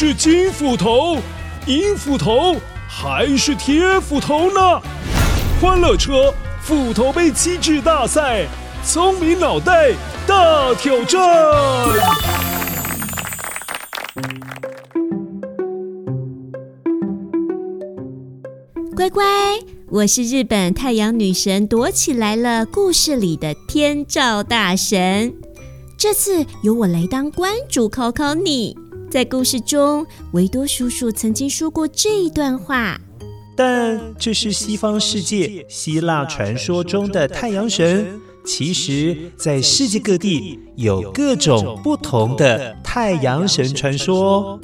是金斧頭、銀斧頭還是鐵斧頭呢？歡樂車斧頭盃機智大賽，聰明腦袋大挑戰。乖乖，我是日本太陽女神躲起來了故事裡的天照大神，這次由我來當關主考考你。在故事中，維多叔叔曾經說過這一段話。但這是西方世界希臘傳說中的太陽神。其實，在世界各地有各種不同的太陽神傳說。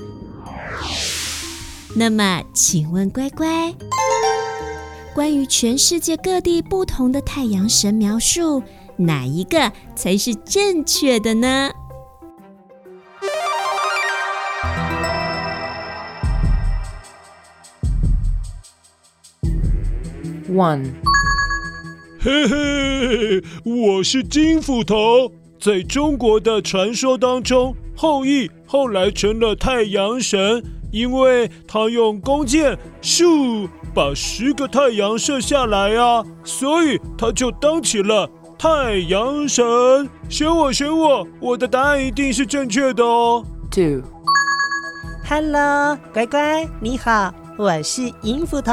那麼，請問乖乖，關於全世界各地不同的太陽神描述，哪一個才是正確的呢？One，嘿嘿，我是金斧頭。在中國的傳說當中，後羿後來成了太陽神，因為他用弓箭咻把十個太陽射下來啊，所以他就當起了太陽神。選我，選我，我的答案一定是正確的哦。Two，哈嘍，乖乖，你好，我是銀斧頭。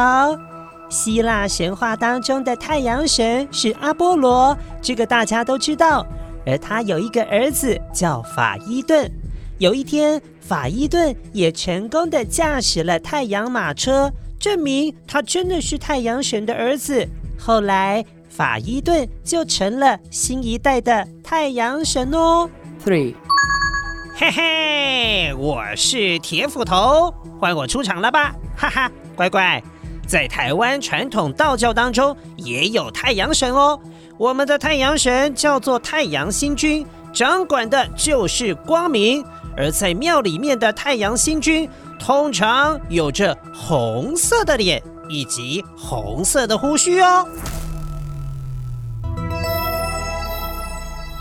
希臘神話當中的太陽神是阿波羅，這個大家都知道。而他有一個兒子叫法伊頓。有一天，法伊頓也成功的駕駛了太陽馬車，證明他真的是太陽神的兒子。後來，法伊頓就成了新一代的太陽神哦。Three，嘿嘿，我是鐵斧頭，換我出場了吧？哈哈，乖乖。在台灣傳統道教當中，也有太陽神哦。我們的太陽神叫做太陽星君，掌管的就是光明。而在廟裡面的太陽星君，通常有着紅色的臉以及紅色的鬍鬚哦。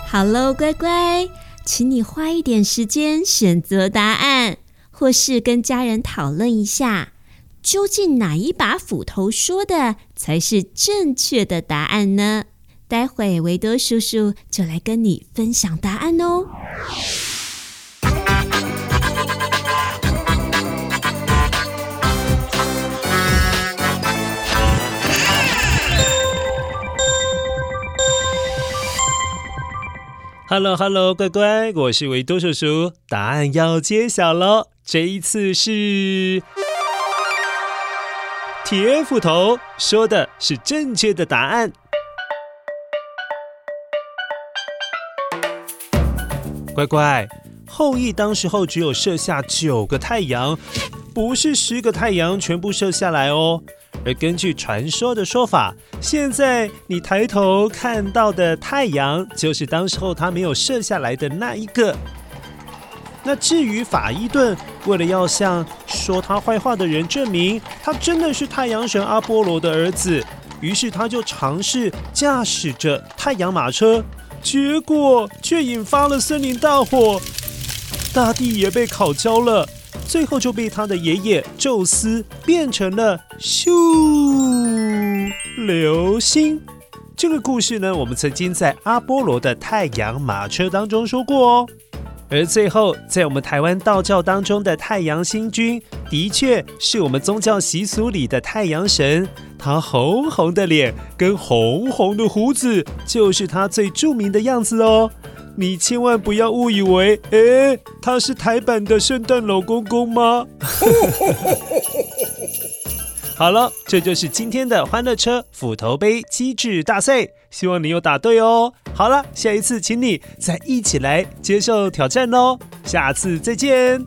好嘍，乖乖，請你花一點時間選擇答案，或是跟家人討論一下。究竟哪一把斧頭說的才是正確的答案呢？待會維多叔叔就來跟你分享答案哦。Hello Hello，乖乖，我是維多叔叔，答案要揭曉囉，這一次是。鐵斧頭說的是正確的答案。乖乖，後羿當時候只有射下九個太陽，不是十個太陽全部射下來哦。而根據傳說的說法，現在你抬頭看到的太陽，就是當時候他沒有射下來的那一個。那至於法伊頓，為了要向說他壞話的人證明他真的是太陽神阿波羅的兒子，於是他就嘗試駕駛着太陽馬車，結果卻引發了森林大火，大地也被烤焦了，最後就被他的爺爺宙斯變成了咻流星。這個故事呢，我們曾經在阿波羅的太陽馬車當中說過哦。而最後，在我們台灣道教當中的太陽星君，的確是我們宗教習俗裡的太陽神。他紅紅的臉跟紅紅的鬍子，就是他最著名的樣子哦。你千萬不要誤以為，哎、欸，他是台版的聖誕老公公嗎？ 好了，這就是今天的歡樂車斧頭盃機智大賽，希望你有答對哦。好了，下一次請你再一起來接受挑戰哦。下次再見。